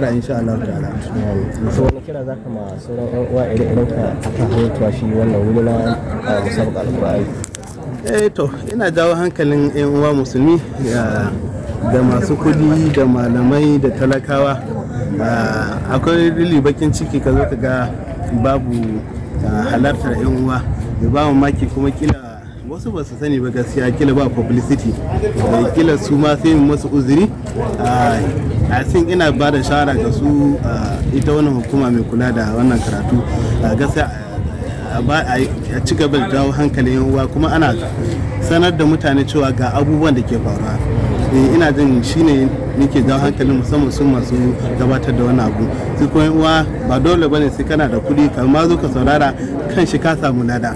nasara insha Allah ta'ala so wani kira zaka ma sauran yan uwa idan idan ka ta hawarta shi wannan wuri na musabaqa alqur'ani eh to ina jawo hankalin yan uwa musulmi da masu kudi da malamai da talakawa akwai rili bakin ciki ka zo ka ga babu halartar yan uwa da ba mamaki kuma kila wasu ba su sani ba gaskiya kila ba publicity da eh, kila su ma sai masu uzuri a ah, sin ina ba da shara ga su ah, ita wannan hukuma mai kula da wannan karatu ah, gaskiya a ci gaba da dawo hankalin yawa kuma ana sanar da mutane cewa ga abubuwan da ke faruwa Eh, ina jin shine nike jawo hankali musamman sun masu gabatar da wani abu su kuma uwa ba dole bane sai kana da kuɗi ka ma zo ka saurara kan shi ka samu lada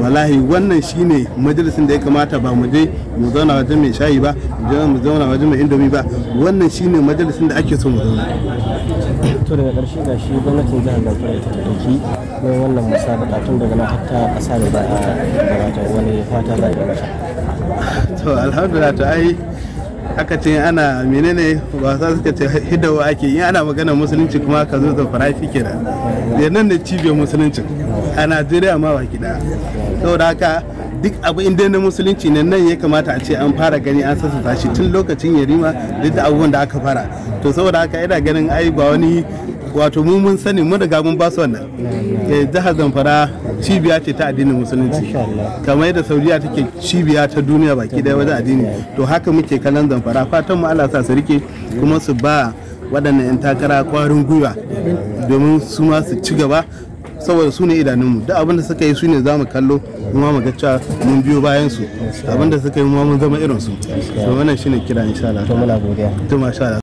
wallahi wannan shine majalisin da ya kamata ba mu je mu zauna wajen mai shayi ba mu zauna wajen mai indomi ba wannan shine majalisin da ake so mu zauna to daga ƙarshe ga shi gwamnatin jihar kuma ta dauki don wannan musabaka tun daga nan hatta ƙasa da ba a gabata wani fata za a yi to alhamdulillah to ai aka ce ana menene ba suka ce hidawa ake in ana magana musulunci kuma ka zo zamfara shi kenan nan da cibiyar musulunci a najeriya ma baki daya saboda haka duk abu inda na musulunci nan nan ya kamata a ce an fara gani an sassa shi tun lokacin yarima duk da abubuwan da aka fara to saboda haka ina ganin ai ba wani wato mu mun sani mu riga mun ba su wannan eh, jihar zamfara cibiya ce ta addinin musulunci kamar yadda saudiya take cibiya ta duniya baki daya wajen addini to haka muke kallon zamfara fatan mu Allah sa su rike kuma su ba waɗannan 'yan takara kwarin gwiwa domin su ma su ci gaba saboda su ne idanunmu duk abinda suka yi su ne za mu kallo kuma mu cewa mun biyo bayan su abinda suka yi mu zama irin su to wannan shine kira insha Allah to muna godiya to masha